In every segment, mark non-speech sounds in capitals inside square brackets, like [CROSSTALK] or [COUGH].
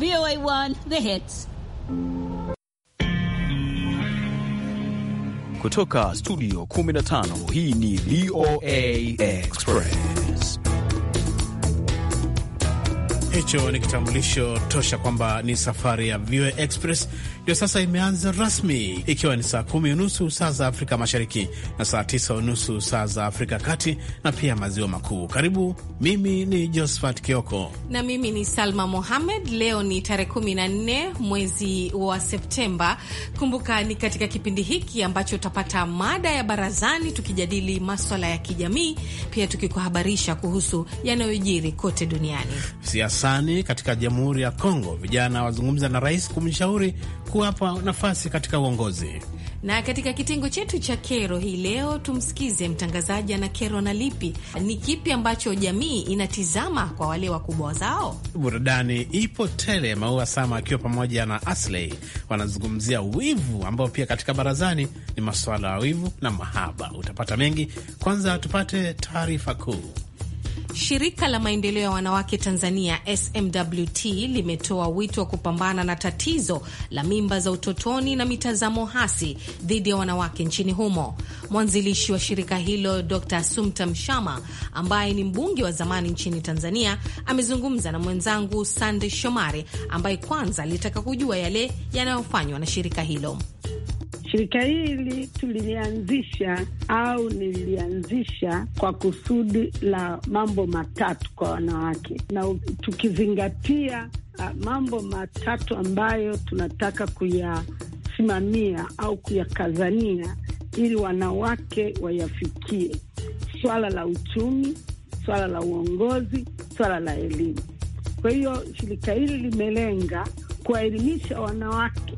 VOA1 The Hits. Kutoka studio 15 hii ni VOA Express. Hicho ni kitambulisho tosha kwamba ni safari ya VOA Express ndio sasa imeanza rasmi, ikiwa ni saa kumi unusu saa za Afrika Mashariki na saa tisa unusu saa za Afrika Kati na pia Maziwa Makuu. Karibu, mimi ni Josephat Kioko na mimi ni Salma Mohamed. Leo ni tarehe 14 mwezi wa Septemba. Kumbuka ni katika kipindi hiki ambacho utapata mada ya barazani, tukijadili maswala ya kijamii, pia tukikuhabarisha kuhusu yanayojiri kote duniani. Siasani katika Jamhuri ya Kongo, vijana wazungumza na rais kumshauri kuwapa nafasi katika uongozi. Na katika kitengo chetu cha kero hii leo, tumsikize mtangazaji ana kero na lipi, ni kipi ambacho jamii inatizama kwa wale wakubwa zao. Burudani ipo tele, Maua Sama akiwa pamoja na Asley wanazungumzia wivu, ambao pia katika barazani ni masuala ya wivu na mahaba. Utapata mengi, kwanza tupate taarifa kuu. Shirika la maendeleo ya wanawake Tanzania SMWT limetoa wito wa kupambana na tatizo la mimba za utotoni na mitazamo hasi dhidi ya wanawake nchini humo. Mwanzilishi wa shirika hilo Dr. Sumta Mshama, ambaye ni mbunge wa zamani nchini Tanzania, amezungumza na mwenzangu Sande Shomari, ambaye kwanza alitaka kujua yale yanayofanywa na shirika hilo. Shirika hili tulilianzisha au nilianzisha kwa kusudi la mambo matatu kwa wanawake, na tukizingatia uh, mambo matatu ambayo tunataka kuyasimamia au kuyakazania ili wanawake wayafikie: swala la uchumi, swala la uongozi, swala la elimu. Kwa hiyo shirika hili limelenga kuwaelimisha wanawake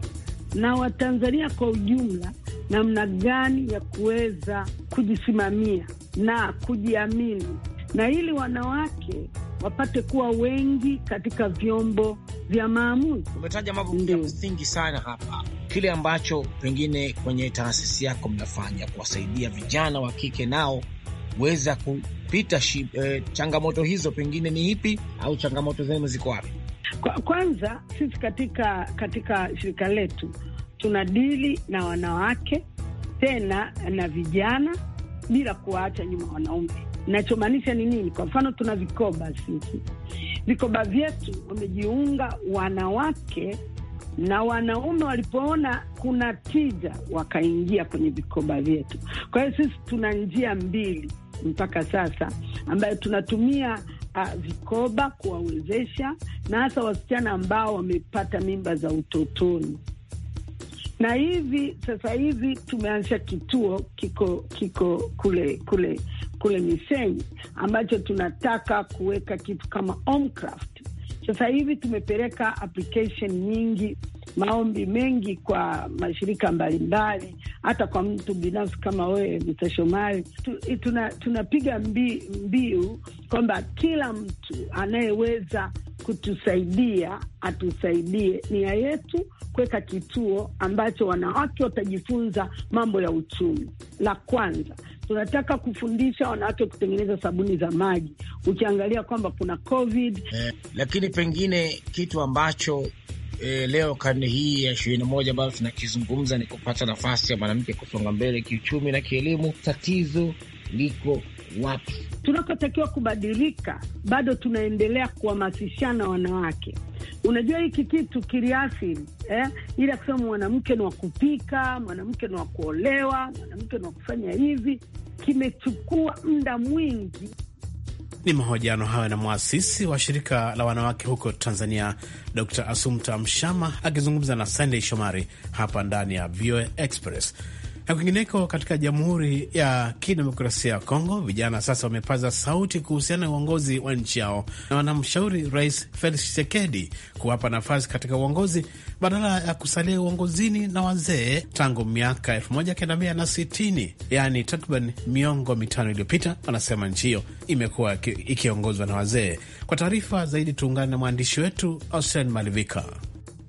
na Watanzania kwa ujumla namna gani ya kuweza kujisimamia na kujiamini, na ili wanawake wapate kuwa wengi katika vyombo vya maamuzi. Umetaja mambo ya msingi sana hapa, kile ambacho pengine kwenye taasisi yako mnafanya kuwasaidia vijana wa kike nao weza kupita shi, eh, changamoto hizo, pengine ni ipi au changamoto zenu ziko wapi? Kwanza sisi katika katika shirika letu tuna dili na wanawake tena na vijana bila kuwaacha nyuma wanaume. Nachomaanisha ni nini? Kwa mfano, tuna vikoba sisi, vikoba vyetu wamejiunga wanawake na wanaume walipoona kuna tija wakaingia kwenye vikoba vyetu. Kwa hiyo sisi tuna njia mbili mpaka sasa ambayo tunatumia uh, vikoba kuwawezesha, na hasa wasichana ambao wamepata mimba za utotoni. Na hivi sasa hivi tumeanzisha kituo kiko kiko kule kule kule Misenyi ambacho tunataka kuweka kitu kama Sasa hivi tumepeleka application nyingi maombi mengi kwa mashirika mbalimbali, hata kwa mtu binafsi kama wewe Mr. Shomari, eh, tunapiga tuna mbi, mbiu kwamba kila mtu anayeweza kutusaidia atusaidie. Nia yetu kuweka kituo ambacho wanawake watajifunza mambo ya uchumi. La kwanza tunataka kufundisha wanawake kutengeneza sabuni za maji, ukiangalia kwamba kuna COVID eh, lakini pengine kitu ambacho e, leo karne hii ya ishirini na moja ambayo tunakizungumza ni kupata nafasi ya mwanamke kusonga mbele kiuchumi na kielimu. Tatizo liko wapi? tunakotakiwa kubadilika, bado tunaendelea kuhamasishana wanawake. Unajua hiki kitu kiliasili eh, ili ya kusema mwanamke ni wa kupika, mwanamke ni wa kuolewa, mwanamke ni wa kufanya hivi, kimechukua muda mwingi. Ni mahojiano hayo na mwasisi wa shirika la wanawake huko Tanzania, Dr Asumta Mshama akizungumza na Sandey Shomari hapa ndani ya VOA Express. Na kwingineko katika Jamhuri ya Kidemokrasia ya Kongo, vijana sasa wamepaza sauti kuhusiana na uongozi wa nchi yao na wanamshauri Rais Felix Tshisekedi kuwapa nafasi katika uongozi badala ya kusalia uongozini na wazee tangu miaka 1960 yaani takriban miongo mitano iliyopita. Wanasema nchi hiyo imekuwa ikiongozwa na wazee. Kwa taarifa zaidi, tuungane na mwandishi wetu Austen Malivika.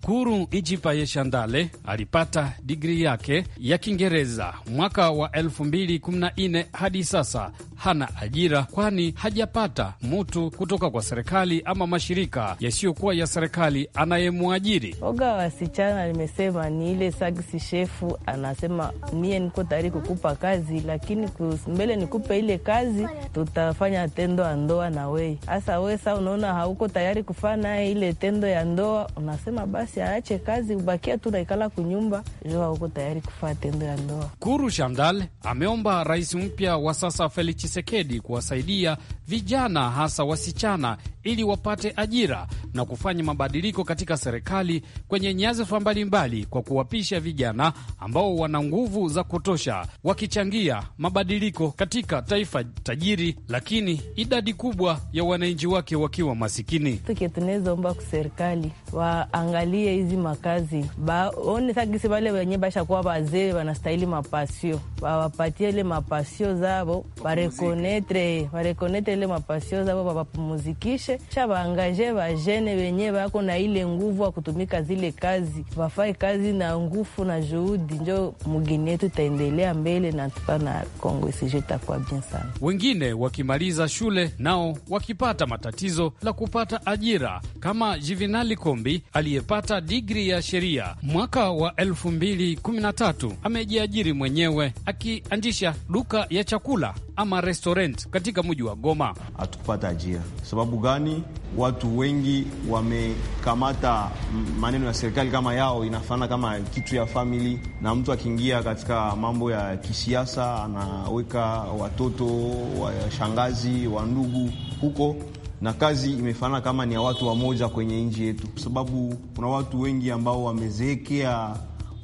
Shukuru ijipa yeshandale alipata digrii yake ya Kiingereza mwaka wa 2014 hadi sasa hana ajira, kwani hajapata mutu kutoka kwa serikali ama mashirika yasiyokuwa ya serikali anayemwajiri. Oga wasichana limesema ni ile sagisi shefu anasema, niye niko tayari kukupa kazi, lakini mbele nikupe ile kazi, tutafanya tendo ya ndoa na wei. Hasa we sa unaona hauko tayari kufaa naye ile tendo ya ndoa, unasema basi aache kazi, ubakia tu naikala kunyumba, jo hauko tayari kufaa tendo ya ndoa. Kuru Shandal ameomba rais mpya wa sasa Felix Chisekedi kuwasaidia vijana hasa wasichana ili wapate ajira na kufanya mabadiliko katika serikali kwenye nyadhifa mbalimbali kwa kuwapisha vijana ambao wana nguvu za kutosha wakichangia mabadiliko katika taifa tajiri, lakini idadi kubwa ya wananchi wake wakiwa masikini. Tunaomba kwa serikali waangalie hizi makazi, baone sagisi wale wenye bashakuwa wazee wanastahili mapasio, wawapatie ile mapasio zavo bare babakonetre barekonetre ile mapasio zabo babapumuzikishe sha baangaje bajene wenye bako na ile nguvu akutumika zile kazi bafae kazi na nguvu na juhudi, njo mugini yetu itaendelea mbele na tupana Kongo isije itakuwa bien sana. Wengine wakimaliza shule nao wakipata matatizo la kupata ajira kama Jivinali Kombi aliyepata digri ya sheria mwaka wa 2013 amejiajiri mwenyewe akiandisha duka ya chakula ama restaurant katika mji wa Goma. Hatukupata ajira. Sababu gani? Watu wengi wamekamata maneno ya serikali kama yao, inafanana kama kitu ya famili, na mtu akiingia katika mambo ya kisiasa anaweka watoto wa shangazi wa ndugu huko na kazi imefanana kama ni ya watu wamoja kwenye nchi yetu, kwa sababu kuna watu wengi ambao wamezeekea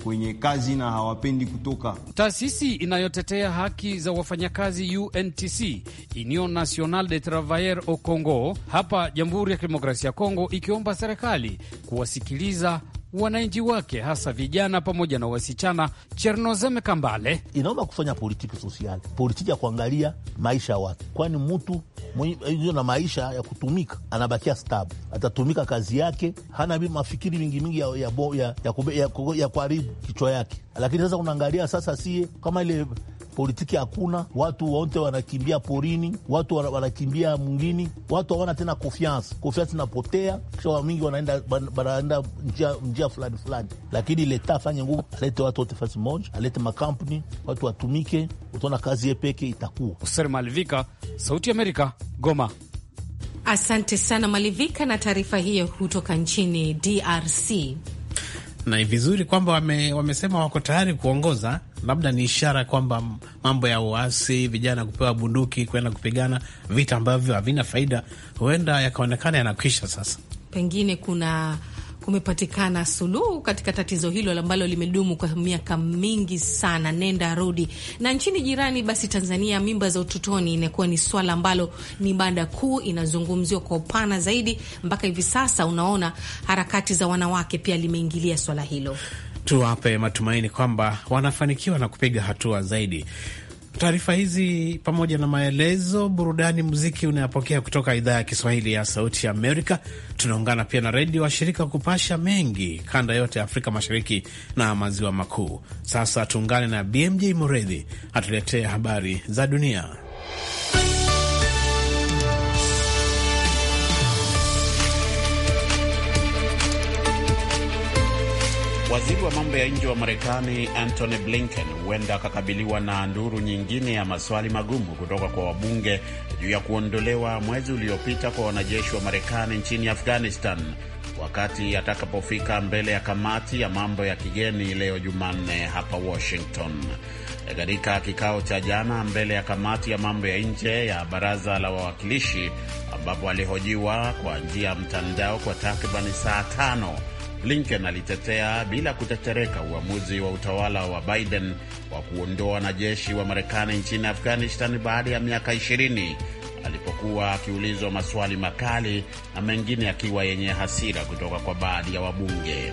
kwenye kazi na hawapendi kutoka. Taasisi inayotetea haki za wafanyakazi UNTC, Union national de Travailleurs au Congo, hapa Jamhuri ya Kidemokrasia ya Kongo, ikiomba serikali kuwasikiliza wananchi wake hasa vijana pamoja na wasichana. Chernozeme Kambale inaomba kufanya politiki sosiali, politiki ya kuangalia maisha ya watu, kwani mtu hiyo na maisha ya kutumika anabakia stabu, atatumika kazi yake, hana mafikiri mingi mingi ya, ya, ya, ya, ya, ya kuharibu kichwa yake. Lakini sasa unaangalia sasa sie kama ile politiki hakuna, watu wote wanakimbia porini, watu wanakimbia mwingini, watu hawana tena kofiansi, kofiansi inapotea, kisha wamingi wanaenda wanaenda njia, njia fulani fulani, lakini leta afanye nguvu, alete watu wote fasi moja, alete makampuni, watu watumike, utaona kazi yepeke itakuwa. Hoser Malivika, Sauti ya Amerika, Goma. Asante sana Malivika na taarifa hiyo kutoka nchini DRC. Na ni vizuri kwamba wame, wamesema wako tayari kuongoza labda ni ishara kwamba mambo ya uasi, vijana kupewa bunduki kwenda kupigana vita ambavyo havina faida, huenda yakaonekana yanakwisha. Sasa pengine kuna kumepatikana suluhu katika tatizo hilo ambalo limedumu kwa miaka mingi sana, nenda rudi. Na nchini jirani basi Tanzania, mimba za utotoni inakuwa ni swala ambalo ni mada kuu, inazungumziwa kwa upana zaidi. Mpaka hivi sasa unaona harakati za wanawake pia limeingilia swala hilo tuwape matumaini kwamba wanafanikiwa na kupiga hatua zaidi. Taarifa hizi pamoja na maelezo, burudani, muziki unayopokea kutoka idhaa ya Kiswahili ya Sauti ya Amerika. Tunaungana pia na redio washirika kupasha mengi kanda yote ya Afrika Mashariki na Maziwa Makuu. Sasa tuungane na BMJ Muredhi atuletee habari za dunia. Waziri wa mambo ya nje wa Marekani Antony Blinken huenda akakabiliwa na nduru nyingine ya maswali magumu kutoka kwa wabunge juu ya kuondolewa mwezi uliopita kwa wanajeshi wa Marekani nchini Afghanistan wakati atakapofika mbele ya kamati ya mambo ya kigeni leo Jumanne hapa Washington. Katika kikao cha jana mbele ya kamati ya mambo ya nje ya baraza la wawakilishi, ambapo alihojiwa kwa njia ya mtandao kwa takribani saa tano Blinken alitetea bila kutetereka uamuzi wa utawala wa Biden wa kuondoa wanajeshi wa Marekani nchini Afghanistan baada ya miaka 20 alipokuwa akiulizwa maswali makali na mengine akiwa yenye hasira kutoka kwa baadhi ya wabunge.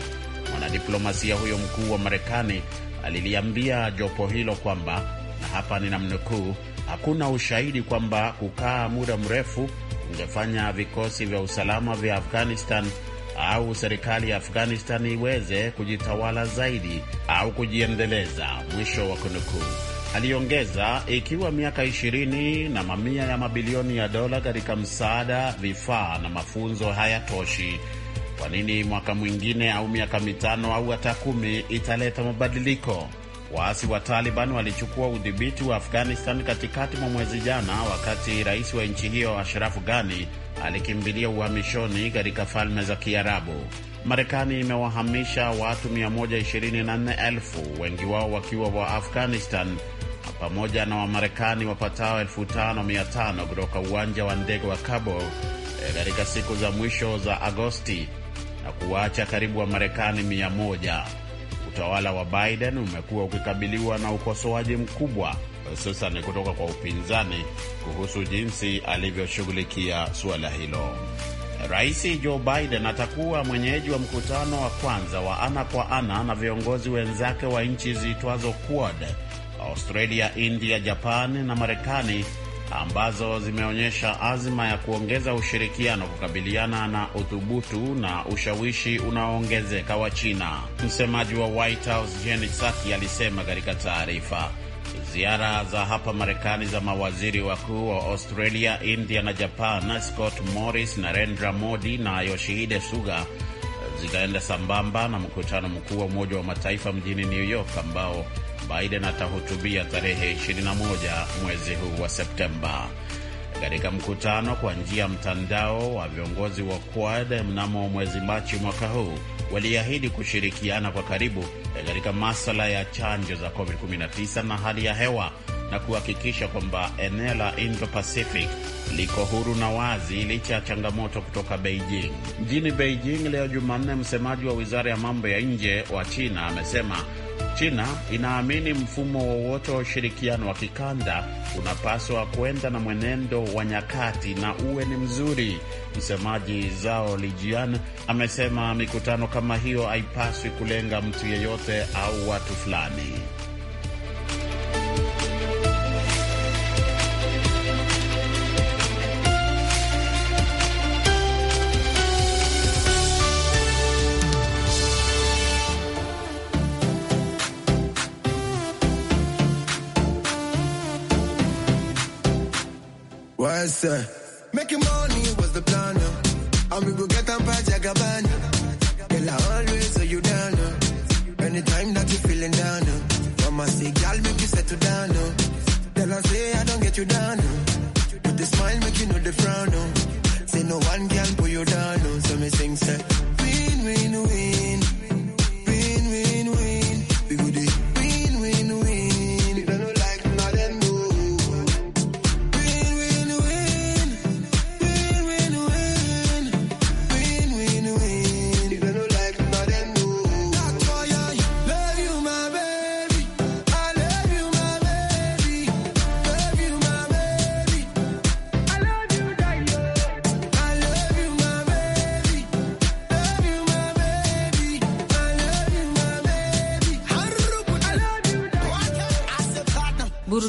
Mwanadiplomasia huyo mkuu wa Marekani aliliambia jopo hilo kwamba, na hapa ninamnukuu, hakuna ushahidi kwamba kukaa muda mrefu kungefanya vikosi vya usalama vya Afghanistan au serikali ya Afghanistan iweze kujitawala zaidi au kujiendeleza, mwisho wa kunukuu. Aliongeza, ikiwa miaka ishirini na mamia ya mabilioni ya dola katika msaada, vifaa na mafunzo hayatoshi, kwa nini mwaka mwingine au miaka mitano au hata kumi italeta mabadiliko? Waasi wa Taliban walichukua udhibiti wa Afghanistan katikati mwa mwezi jana, wakati rais wa nchi hiyo Ashraf Ghani alikimbilia uhamishoni katika falme za Kiarabu. Marekani imewahamisha watu 124,000 wengi wao wakiwa wa Afghanistan pamoja na Wamarekani wapatao 5500 kutoka uwanja wa ndege wa Kabul eh, katika siku za mwisho za Agosti na kuwaacha karibu Wamarekani 100. Utawala wa Biden umekuwa ukikabiliwa na ukosoaji mkubwa hususan kutoka kwa upinzani kuhusu jinsi alivyoshughulikia suala hilo. Rais Joe Biden atakuwa mwenyeji wa mkutano wa kwanza wa ana kwa ana na viongozi wenzake wa nchi ziitwazo Quad, Australia, India, Japan na Marekani ambazo zimeonyesha azma ya kuongeza ushirikiano kukabiliana na uthubutu na ushawishi unaoongezeka wa China. Msemaji wa White House Jen Psaki alisema katika taarifa Ziara za hapa Marekani za mawaziri wakuu wa Australia, India na Japan, Scott Morris, Narendra Modi na Yoshihide Suga zitaenda sambamba na mkutano mkuu wa Umoja wa Mataifa mjini New York ambao Biden atahutubia tarehe 21 mwezi huu wa Septemba katika mkutano kwa njia ya mtandao wa viongozi wa Quad mnamo mwezi Machi mwaka huu waliahidi kushirikiana kwa karibu eh, katika masala ya chanjo za COVID-19 na hali ya hewa na kuhakikisha kwamba eneo la Indo-Pacific liko huru na wazi licha ya changamoto kutoka Beijing. Mjini Beijing leo Jumanne, msemaji wa wizara ya mambo ya nje wa China amesema China inaamini mfumo wowote wa ushirikiano wa kikanda unapaswa kwenda na mwenendo wa nyakati na uwe ni mzuri. Msemaji Zhao Lijian amesema mikutano kama hiyo haipaswi kulenga mtu yeyote au watu fulani. Make sir. Making money was the plan. Uh. And we go get them by Jagabana. Girl, I always say you down. Uh. Anytime that you feeling down. Uh. Mama say, girl, make you settle down. Uh. Then I say, I don't get you down. Uh. With the smile, make you know the frown. Uh. Say no one can pull you down. Uh. So me sing, say.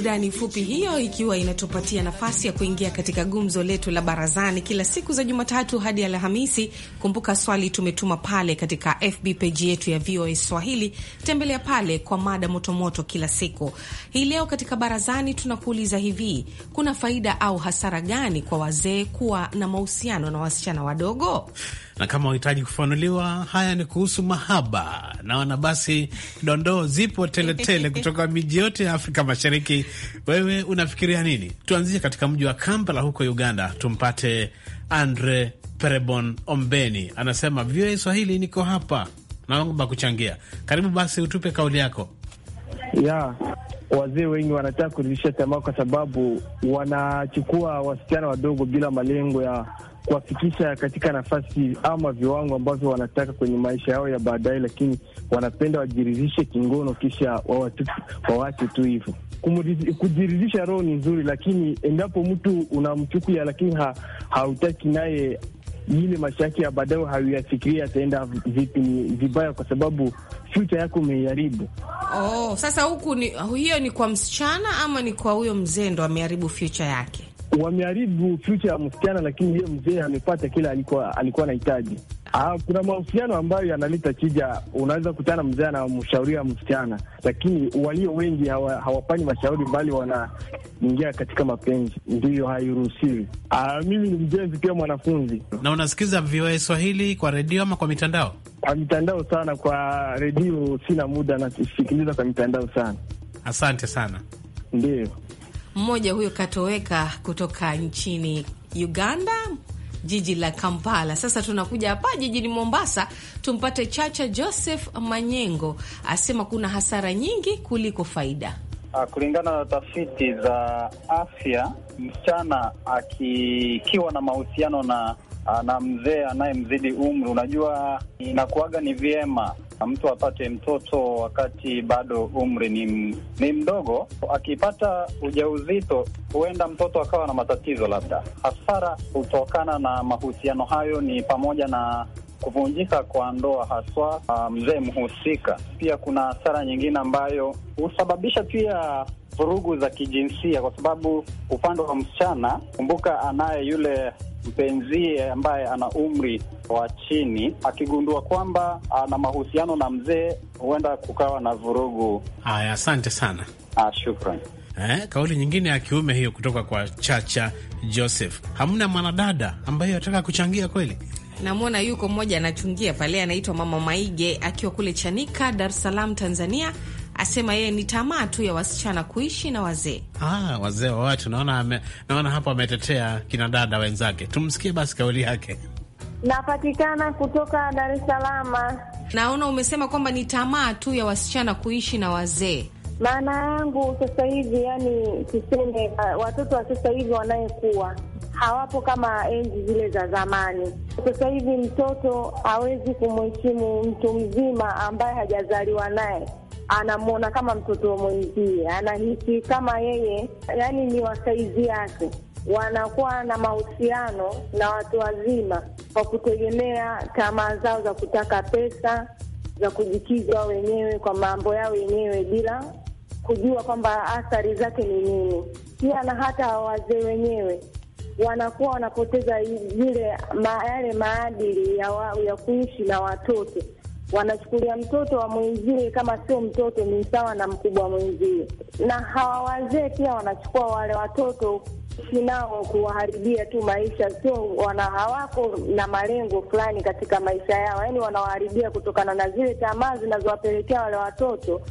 burudani fupi hiyo, ikiwa inatupatia nafasi ya kuingia katika gumzo letu la barazani kila siku za Jumatatu hadi Alhamisi. Kumbuka swali tumetuma pale katika FB peji yetu ya VOA Swahili, tembelea pale kwa mada motomoto kila siku. Hii leo katika barazani tunakuuliza hivi, kuna faida au hasara gani kwa wazee kuwa na mahusiano na wasichana wadogo? na kama wahitaji kufanuliwa, haya ni kuhusu mahaba. Naona basi dondoo zipo teletele [LAUGHS] kutoka miji yote ya Afrika Mashariki. Wewe unafikiria nini? Tuanzie katika mji wa Kampala huko Uganda, tumpate Andre Perebon Ombeni, anasema VOA Swahili, niko hapa naomba kuchangia. Karibu basi, utupe kauli yako ya wazee wengi wanataka kurudisha tamaa kwa sababu wanachukua wasichana wadogo bila malengo ya kuwafikisha katika nafasi ama viwango ambavyo wanataka kwenye maisha yao ya baadaye, lakini wanapenda wajiridhishe kingono, kisha wawache tu hivyo. Kujiridhisha roho ni nzuri, lakini endapo mtu unamchukia, lakini ha, hautaki naye ile maisha yake ya baadaye hauyafikiria ataenda vipi, ni vibaya kwa sababu future yako umeiharibu. Oh, sasa huku ni, hiyo ni kwa msichana ama ni kwa huyo mzee ndo ameharibu future yake? wameharibu future ya msichana, lakini yeye mzee amepata kile alikuwa alikuwa anahitaji. Ah, kuna mahusiano ambayo yanaleta chija. Unaweza kutana mzee anamshauria msichana, lakini walio wengi hawa, hawafanyi mashauri, mbali wanaingia katika mapenzi. Ndiyo, hairuhusiwi. Ah, mimi ni mjenzi pia mwanafunzi. Na unasikiza VOA Swahili kwa redio ama kwa mitandao? Kwa mitandao sana, kwa redio sina muda, nasikiliza kwa mitandao sana. Asante sana. Ndiyo. Mmoja huyo katoweka kutoka nchini Uganda, jiji la Kampala. Sasa tunakuja hapa jijini Mombasa, tumpate Chacha Joseph Manyengo, asema kuna hasara nyingi kuliko faida. Ah, kulingana na tafiti za afya, msichana akikiwa na mahusiano na Ah, na mzee anayemzidi umri. Unajua, inakuaga ni vyema mtu apate mtoto wakati bado umri ni, ni mdogo. Akipata ujauzito, huenda mtoto akawa na matatizo labda. Hasara hutokana na mahusiano hayo ni pamoja na kuvunjika kwa ndoa haswa ah, mzee mhusika. Pia kuna hasara nyingine ambayo husababisha pia vurugu za kijinsia, kwa sababu upande wa msichana, kumbuka, anaye yule mpenzie ambaye ana umri wa chini, akigundua kwamba ana mahusiano na mzee, huenda kukawa na vurugu. Haya, asante sana. Ah, shukran. Eh, kauli nyingine ya kiume hiyo kutoka kwa Chacha Joseph. Hamna mwanadada ambaye anataka kuchangia kweli? namwona yuko mmoja anachungia pale, anaitwa Mama Maige akiwa kule Chanika, Dar es Salaam, Tanzania. Asema yeye ni tamaa tu ya wasichana kuishi na wazee. Ah, wazee wa watu. Naona, naona hapo ametetea kina dada wenzake. Tumsikie basi kauli yake. Napatikana kutoka Dar es Salaam. Naona umesema kwamba ni tamaa tu ya wasichana kuishi na wazee. Maana yangu sasa hivi, yani tuseme, uh, watoto wa sasa hivi wanayekuwa hawapo kama enzi zile za zamani. Sasa hivi mtoto hawezi kumheshimu mtu mzima ambaye hajazaliwa naye, anamwona kama mtoto mwenzie, anahisi kama yeye yani ni wasaizi yake. Wanakuwa na mahusiano na watu wazima kwa kutegemea tamaa zao za kutaka pesa za kujikiza wenyewe kwa mambo yao wenyewe bila kujua kwamba athari zake ni nini. Pia na hata wazee wenyewe wanakuwa wanapoteza zile ma, yale maadili ya, wa, ya kuishi na watoto. Wanachukulia mtoto wa mwenzie kama sio mtoto, ni sawa na mkubwa mwenzie. Na hawa wazee pia wanachukua wale watoto kuishi nao, kuwaharibia tu maisha, sio wana hawako na malengo fulani katika maisha yao, yaani wanawaharibia kutokana na zile tamaa zinazowapelekea wale watoto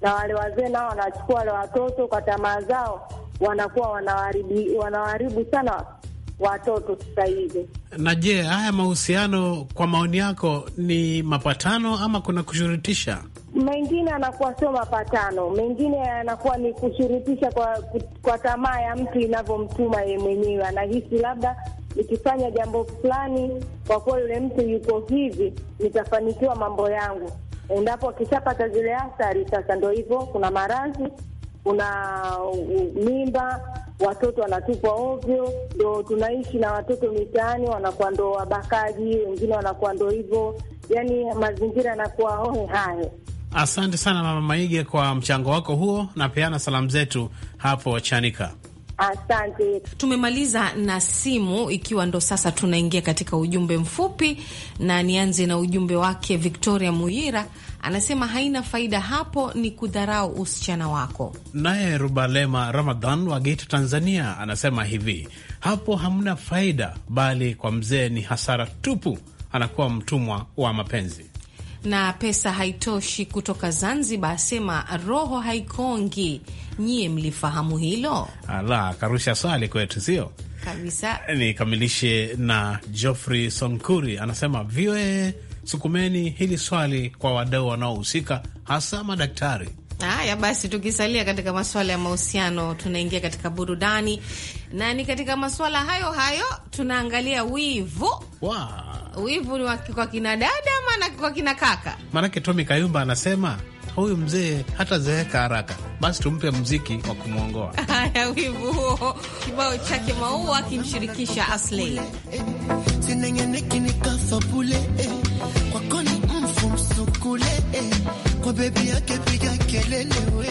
na wale wazee nao wanachukua wale watoto kwa tamaa zao, wanakuwa wanawaharibu sana watoto sasa hivi. Na je, haya mahusiano kwa maoni yako ni mapatano ama kuna kushurutisha? Mengine anakuwa sio mapatano, mengine anakuwa ni kushurutisha kwa, kwa tamaa ya mtu inavyomtuma yeye mwenyewe. Anahisi labda ikifanya jambo fulani, kwa kuwa yule mtu yuko hivi, nitafanikiwa mambo yangu endapo akishapata zile athari sasa, ndo hivyo, kuna maradhi, kuna mimba, watoto wanatupwa ovyo, ndo tunaishi na watoto mitaani, wanakuwa ndo wabakaji, wengine wanakuwa ndo hivyo, yani mazingira yanakuwa hohe hayo. Asante sana Mama Maige kwa mchango wako huo, na peana salamu zetu hapo Chanika. Asante. Tumemaliza na simu, ikiwa ndo sasa tunaingia katika ujumbe mfupi, na nianze na ujumbe wake Victoria Muyira. Anasema haina faida hapo, ni kudharau usichana wako. Naye Rubalema Ramadhan wa Geita, Tanzania, anasema hivi, hapo hamna faida, bali kwa mzee ni hasara tupu, anakuwa mtumwa wa mapenzi na pesa haitoshi kutoka Zanzibar, asema roho haikongi. Nyie mlifahamu hilo? Ala, karusha swali kwetu, sio kabisa. Nikamilishe na Geoffrey Sonkuri anasema vyoe, sukumeni hili swali kwa wadau wanaohusika, hasa madaktari Haya basi, tukisalia katika masuala ya mahusiano, tunaingia katika burudani, na ni katika masuala hayo hayo tunaangalia wivu. Wow. Wivu ni kwa kina dada ama kwa kina kaka? Maanake Tomi Kayumba anasema huyu mzee hata zeeka haraka, basi tumpe mziki wa kumwongoa. [LAUGHS] Haya, wivu huo, kibao chake Maua akimshirikisha Aslay kwa bebi yake piga kelelewe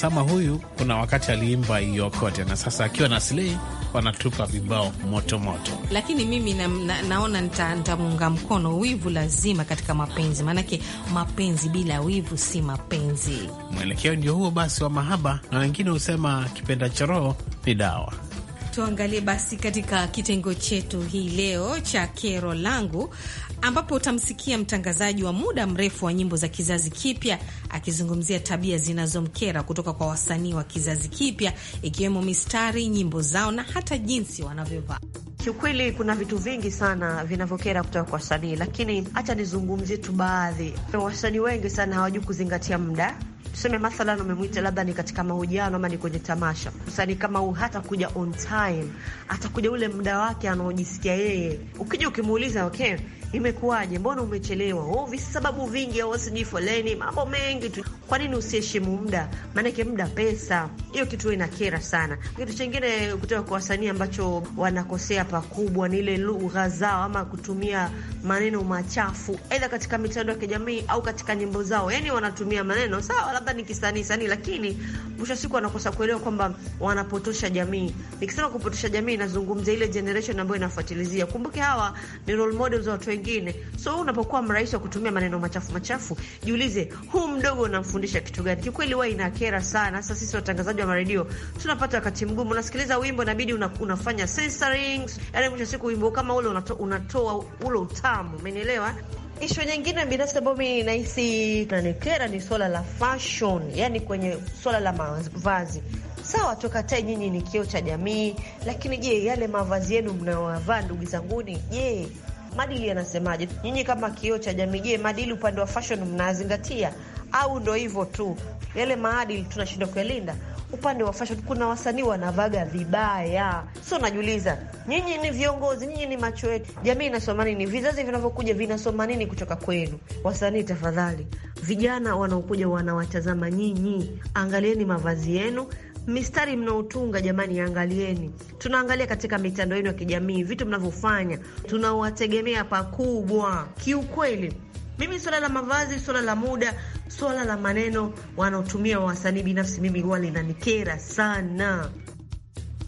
Sama huyu kuna wakati aliimba iokote, na sasa akiwa na Slay wanatupa vibao moto moto. Lakini mimi na, na, naona nitamuunga mkono. Wivu lazima katika mapenzi, maanake mapenzi bila wivu si mapenzi. Mwelekeo ndio huo basi wa mahaba, na wengine husema kipenda choroho ni dawa tuangalie basi katika kitengo chetu hii leo cha kero langu, ambapo utamsikia mtangazaji wa muda mrefu wa nyimbo za kizazi kipya akizungumzia tabia zinazomkera kutoka kwa wasanii wa kizazi kipya, ikiwemo mistari, nyimbo zao na hata jinsi wanavyovaa. Kiukweli kuna vitu vingi sana vinavyokera kutoka kwa wasanii, lakini hacha nizungumzie tu baadhi. Wasanii wengi sana hawajui kuzingatia muda. Tuseme mathalan, umemwita labda ni katika mahojiano ama ni kwenye tamasha, msanii kama huu hatakuja on time, atakuja ule muda wake anaojisikia yeye. Ukija ukimuuliza okay imekuwaje, mbona umechelewa? Oh, visababu vingi au sijui foleni, mambo mengi tu. Kwa nini usiheshimu muda? Maanake muda pesa. Hiyo kitu inakera sana. Kitu chingine kutoka kwa wasanii ambacho wanakosea pakubwa ni ile lugha zao, ama kutumia maneno machafu, aidha katika mitandao ya kijamii au katika nyimbo zao. Yani wanatumia maneno sawa, labda ni kisanii sanii, lakini mwisho wa siku wanakosa kuelewa kwamba wanapotosha jamii. Nikisema kupotosha jamii, nazungumzia ile generation ambayo inafuatilizia. Kumbuke hawa ni role models watu wengi mwingine. So unapokuwa mrais wa kutumia maneno machafu machafu, jiulize huu mdogo unamfundisha kitu gani? Kikweli huwa inakera sana. Sasa sisi watangazaji wa maredio tunapata wakati mgumu, unasikiliza wimbo inabidi una, unafanya censoring, yaani mwisho siku wimbo kama ule unato, unatoa ule utamu, umenielewa? Ishu nyingine binafsi ambayo mi nahisi nanikera ni swala la fashion, yani kwenye swala la mavazi. Sawa, tukatae nyinyi ni kio cha jamii, lakini je, yale mavazi yenu mnayovaa ndugu zanguni, je, maadili yanasemaje? Nyinyi kama kioo cha jamii, je, maadili upande wa fashion mnazingatia au ndo hivyo tu, yale maadili tunashindwa kuyalinda? Upande wa fashion kuna wasanii wanavaga vibaya, so najiuliza, nyinyi ni viongozi, nyinyi ni macho yetu, jamii inasoma nini? Vizazi vinavyokuja vinasoma nini kutoka kwenu? Wasanii tafadhali, vijana wanaokuja wanawatazama nyinyi, angalieni mavazi yenu mistari mnaotunga jamani, angalieni. Tunaangalia katika mitandao yenu ya kijamii vitu mnavyofanya, tunawategemea pakubwa kiukweli. Mimi swala la mavazi, swala la muda, swala la maneno wanaotumia wasanii binafsi, mimi huwa linanikera sana.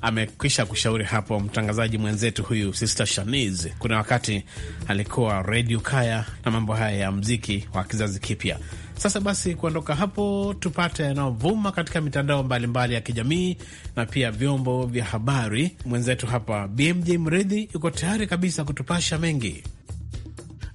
Amekwisha kushauri hapo mtangazaji mwenzetu huyu Sister Shaniz. Kuna wakati alikuwa Radio Kaya na mambo haya ya mziki wa kizazi kipya sasa basi, kuondoka hapo, tupate yanayovuma katika mitandao mbalimbali mbali ya kijamii na pia vyombo vya habari. Mwenzetu hapa BMJ Mridhi yuko tayari kabisa kutupasha mengi.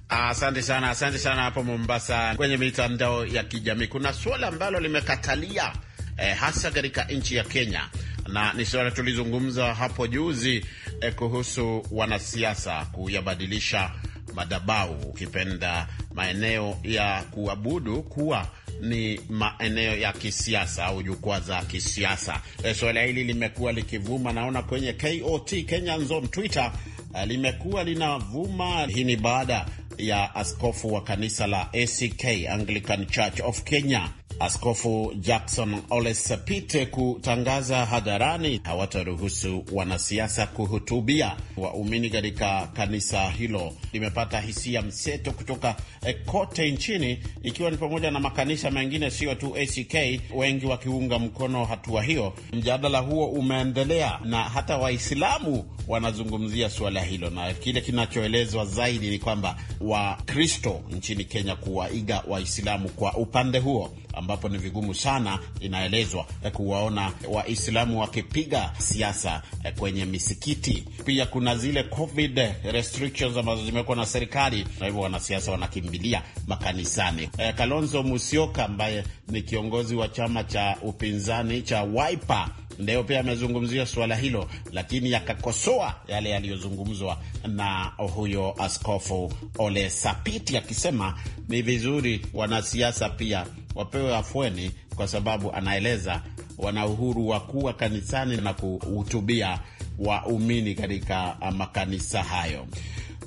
Asante ah, sana, asante sana hapo Mombasa. Kwenye mitandao ya kijamii kuna suala ambalo limekatalia eh, hasa katika nchi ya Kenya, na ni suala tulizungumza hapo juzi eh, kuhusu wanasiasa kuyabadilisha madhabau, ukipenda maeneo ya kuabudu kuwa ni maeneo ya kisiasa au jukwaa za kisiasa. Eh, Suala hili limekuwa likivuma, naona kwenye KOT Kenya Zone Twitter eh, limekuwa linavuma. Hii ni baada ya askofu wa kanisa la ACK Anglican Church of Kenya Askofu Jackson Ole Sapite kutangaza hadharani hawataruhusu wanasiasa kuhutubia waumini katika kanisa hilo limepata hisia mseto kutoka eh, kote nchini, ikiwa ni pamoja na makanisa mengine, sio tu ACK, wengi wakiunga mkono hatua wa hiyo. Mjadala huo umeendelea na hata Waislamu wanazungumzia suala hilo, na kile kinachoelezwa zaidi ni kwamba Wakristo nchini Kenya kuwaiga Waislamu kwa upande huo ambapo ni vigumu sana inaelezwa eh, kuwaona Waislamu wakipiga siasa eh, kwenye misikiti. Pia kuna zile covid restrictions ambazo zimekuwa na serikali, na hivyo wanasiasa wanakimbilia makanisani. Eh, Kalonzo Musyoka ambaye ni kiongozi wa chama cha upinzani cha Wiper leo pia amezungumzia suala hilo, lakini akakosoa yale yaliyozungumzwa na huyo Askofu Ole Sapiti akisema ni vizuri wanasiasa pia wapewe afueni, kwa sababu anaeleza wana uhuru wa kuwa kanisani na kuhutubia waumini katika uh, makanisa hayo.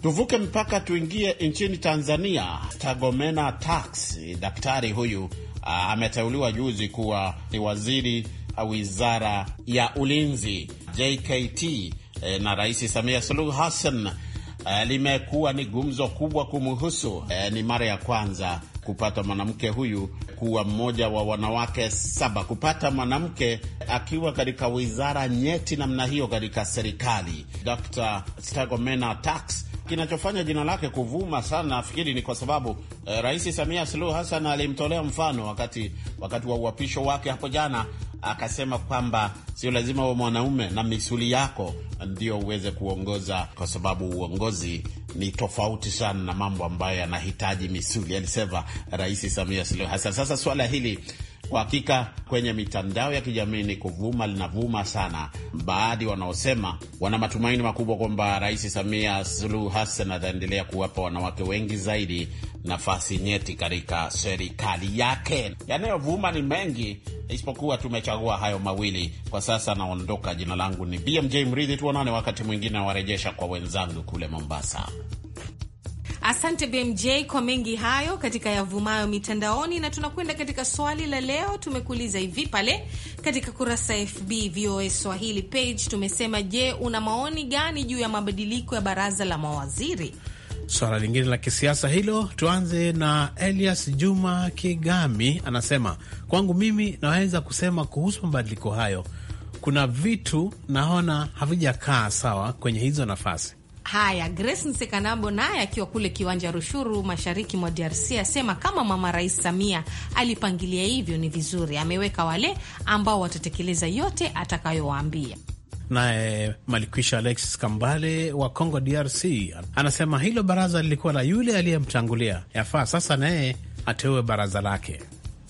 Tuvuke mpaka tuingie nchini Tanzania. Tagomena Tax, daktari huyu uh, ameteuliwa juzi kuwa ni waziri uh, wizara ya ulinzi JKT na Rais Samia Suluhu Hassan limekuwa ni gumzo kubwa kumhusu. ni mara ya kwanza kupata mwanamke huyu kuwa mmoja wa wanawake saba kupata mwanamke akiwa katika wizara nyeti namna hiyo katika serikali. Dr. Stergomena Tax kinachofanya jina lake kuvuma sana nafikiri ni kwa sababu eh, Rais Samia Suluhu Hassan alimtolea mfano wakati wakati wa uapisho wake hapo jana akasema kwamba sio lazima uwe mwanaume na misuli yako ndio uweze kuongoza, kwa sababu uongozi ni tofauti sana na mambo ambayo yanahitaji misuli, alisema Rais Samia Suluhu Hassan. Sasa suala hili kwa hakika kwenye mitandao ya kijamii ni kuvuma linavuma sana. Baadhi wanaosema wana matumaini makubwa kwamba Rais Samia Suluhu Hassan ataendelea kuwapa wanawake wengi zaidi nafasi nyeti katika serikali yake. Yanayovuma ni mengi, isipokuwa tumechagua hayo mawili kwa sasa. Naondoka, jina langu ni BMJ Mridhi. Tuonane wakati mwingine, nawarejesha kwa wenzangu kule Mombasa. Asante BMJ kwa mengi hayo katika yavumayo mitandaoni, na tunakwenda katika swali la leo. Tumekuuliza hivi pale katika kurasa FB VOA Swahili page, tumesema je, una maoni gani juu ya mabadiliko ya baraza la mawaziri? Swala lingine la kisiasa hilo. Tuanze na Elias Juma Kigami, anasema kwangu mimi naweza kusema kuhusu mabadiliko hayo, kuna vitu naona havijakaa sawa kwenye hizo nafasi Haya, Grace Nsekanabo naye akiwa kule kiwanja Rushuru, mashariki mwa DRC, asema kama Mama Rais Samia alipangilia hivyo ni vizuri, ameweka wale ambao watatekeleza yote atakayowaambia. Naye Malikwisha Alexis Kambale wa Congo DRC anasema hilo baraza lilikuwa la yule aliyemtangulia, yafaa sasa naye ateue baraza lake.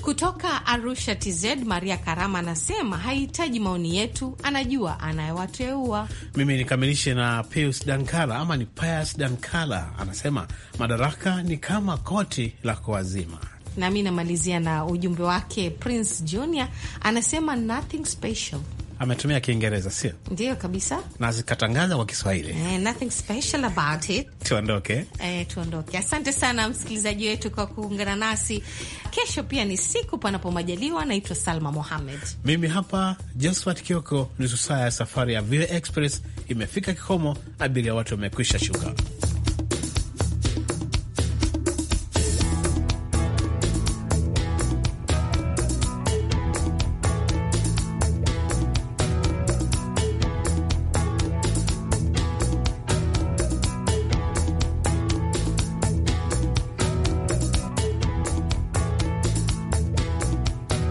Kutoka Arusha TZ, Maria Karama anasema hahitaji maoni yetu, anajua anayewateua. Mimi nikamilishe na Pius Dankala ama ni Pius Dankala, anasema madaraka ni kama koti la kuwazima Nami namalizia na ujumbe wake Prince Junior, anasema nothing special ametumia Kiingereza, sio ndio? Kabisa, na zikatangaza kwa Kiswahili. Eh, nothing special about it. Tuondoke eh, tuondoke. Asante sana msikilizaji wetu kwa kuungana nasi. Kesho pia ni siku panapo majaliwa. Naitwa Salma Mohamed, mimi hapa Josephat Kioko. Nusu saa ya safari ya VOA Express imefika kikomo, abiria watu wamekwisha shuka.